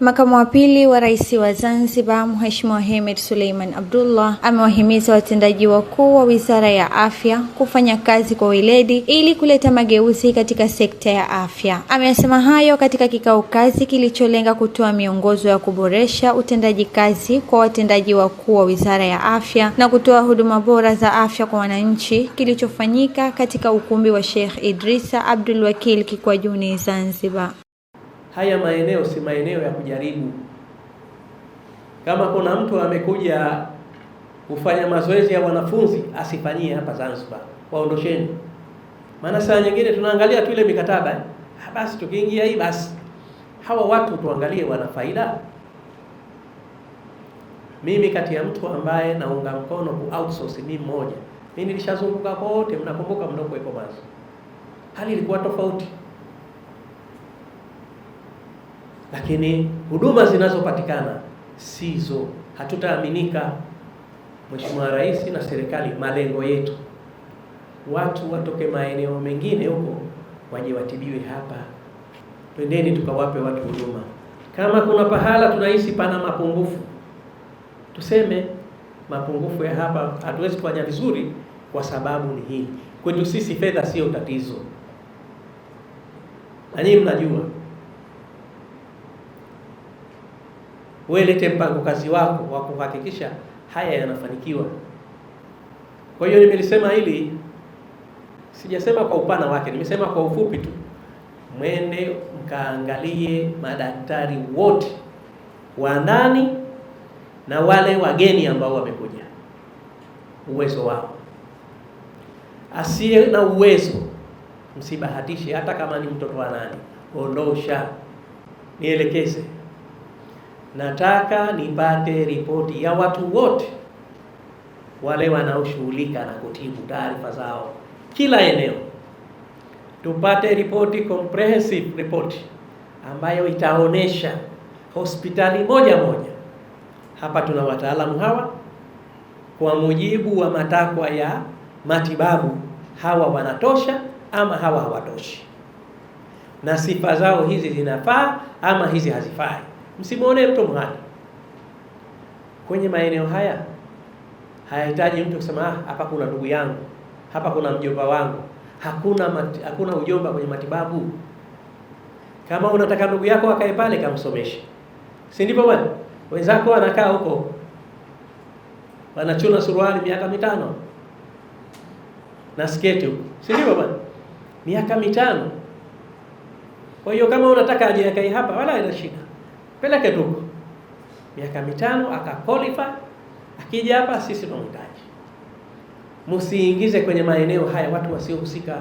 Makamu wa pili wa rais wa Zanzibar Mheshimiwa Hemed Suleiman Abdullah amewahimiza watendaji wakuu wa wizara ya afya kufanya kazi kwa weledi ili kuleta mageuzi katika sekta ya afya. Amesema hayo katika kikao kazi kilicholenga kutoa miongozo ya kuboresha utendaji kazi kwa watendaji wakuu wa wizara ya afya na kutoa huduma bora za afya kwa wananchi kilichofanyika katika ukumbi wa Sheikh Idrisa Abdul Wakil Kikwajuni, Zanzibar haya maeneo si maeneo ya kujaribu. Kama kuna mtu amekuja kufanya mazoezi ya wanafunzi asifanyie hapa Zanzibar, waondosheni. Maana saa nyingine tunaangalia tu ile mikataba, ah, basi tukiingia hii basi, hawa watu tuangalie wana faida. Mimi kati ya mtu ambaye naunga mkono ku outsource mimi mmoja, mimi nilishazunguka kote, mnakumbuka mnakuwepo basi, hali ilikuwa tofauti lakini huduma zinazopatikana sizo, hatutaaminika. Mheshimiwa Rais na serikali, malengo yetu watu watoke maeneo mengine huko waje watibiwe hapa. Twendeni tukawape watu huduma. Kama kuna pahala tunahisi pana mapungufu, tuseme mapungufu ya hapa hatuwezi kufanya vizuri kwa sababu ni hii. Kwetu sisi fedha sio tatizo, na nyinyi mnajua wewe lete mpango kazi wako wa kuhakikisha haya yanafanikiwa. Kwa hiyo nimelisema hili, sijasema kwa upana wake, nimesema kwa ufupi tu. Mwende mkaangalie madaktari wote wa ndani na wale wageni ambao wamekuja, uwezo wao. Asiye na uwezo msibahatishe, hata kama ni mtoto wa nani, ondosha, nielekeze nataka nipate ripoti ya watu wote wale wanaoshughulika na kutibu taarifa zao kila eneo, tupate ripoti, comprehensive report ambayo itaonesha hospitali moja moja, hapa tuna wataalamu hawa, kwa mujibu wa matakwa ya matibabu, hawa wanatosha ama hawa hawatoshi, na sifa zao hizi zinafaa ama hizi hazifai msimwone mtu mhani kwenye maeneo haya. Hayahitaji mtu kusema ah, hapa kuna ndugu yangu, hapa kuna mjomba wangu. Hakuna mati, hakuna ujomba kwenye matibabu. Kama unataka ndugu yako akae pale, kamsomeshe, si ndivyo bwana? Wenzako wanakaa huko wanachuna suruali miaka mitano na sketi huko, si ndivyo bwana? Miaka mitano. Kwa hiyo kama unataka aje akae hapa, wala ina shida peleke tu miaka mitano akakolify, akija hapa sisi tunamhitaji. Msiingize kwenye maeneo haya watu wasiohusika.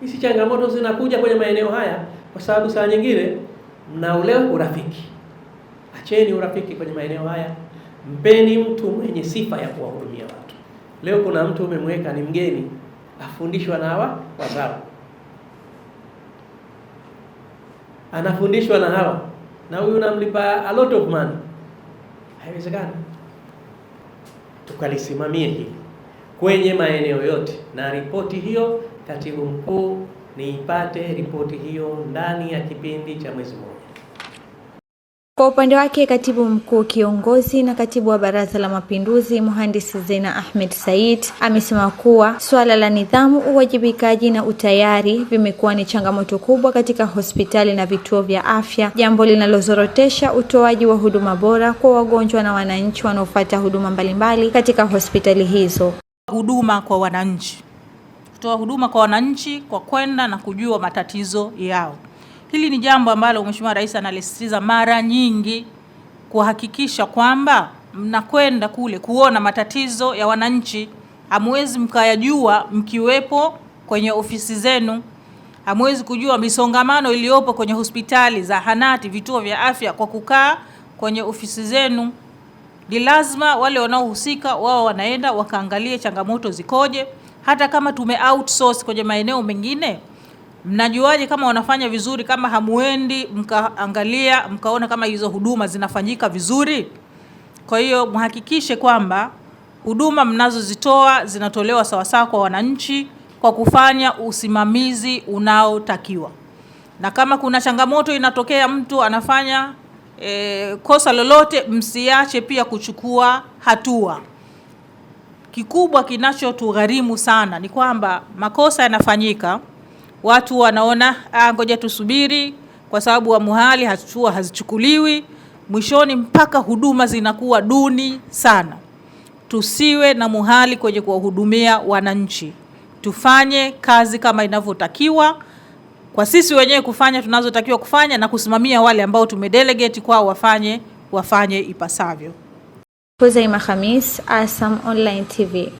Hizi changamoto zinakuja kwenye maeneo haya kwa sababu saa nyingine mna ule urafiki. Acheni urafiki kwenye maeneo haya, mpeni mtu mwenye sifa ya kuwahudumia watu. Leo kuna mtu umemweka ni mgeni, afundishwa na hawa wazao anafundishwa na hawa na huyu unamlipa a lot of money. Haiwezekani. Tukalisimamie hili kwenye maeneo yote, na ripoti hiyo katibu mkuu niipate ripoti hiyo ndani ya kipindi cha mwezi mmoja. Kwa upande wake katibu mkuu kiongozi na katibu wa Baraza la Mapinduzi Mhandisi Zena Ahmed Said amesema kuwa suala la nidhamu, uwajibikaji na utayari vimekuwa ni changamoto kubwa katika hospitali na vituo vya afya, jambo linalozorotesha utoaji wa huduma bora kwa wagonjwa na wananchi wanaofuata huduma mbalimbali katika hospitali hizo. Huduma kwa wananchi, kutoa huduma kwa wananchi kwa kwenda na kujua matatizo yao. Hili ni jambo ambalo Mheshimiwa Rais analisitiza mara nyingi kuhakikisha kwamba mnakwenda kule kuona matatizo ya wananchi. Hamwezi mkayajua mkiwepo kwenye ofisi zenu, hamwezi kujua misongamano iliyopo kwenye hospitali, zahanati, vituo vya afya kwa kukaa kwenye ofisi zenu. Ni lazima wale wanaohusika wao wanaenda wakaangalie changamoto zikoje, hata kama tume outsource kwenye maeneo mengine Mnajuaje kama wanafanya vizuri kama hamuendi mkaangalia mkaona kama hizo huduma zinafanyika vizuri? Kwa hiyo mhakikishe kwamba huduma mnazozitoa zinatolewa sawasawa kwa wananchi kwa kufanya usimamizi unaotakiwa. Na kama kuna changamoto inatokea, mtu anafanya e, kosa lolote, msiache pia kuchukua hatua. Kikubwa kinachotugharimu sana ni kwamba makosa yanafanyika watu wanaona ah, ngoja tusubiri, kwa sababu wamuhali hatua hazichukuliwi, mwishoni mpaka huduma zinakuwa duni sana. Tusiwe na muhali kwenye kuwahudumia wananchi, tufanye kazi kama inavyotakiwa kwa sisi wenyewe kufanya tunazotakiwa kufanya na kusimamia wale ambao tumedelegate kwao wafanye wafanye ipasavyo. Huzaima Khamis, ASAM Online TV.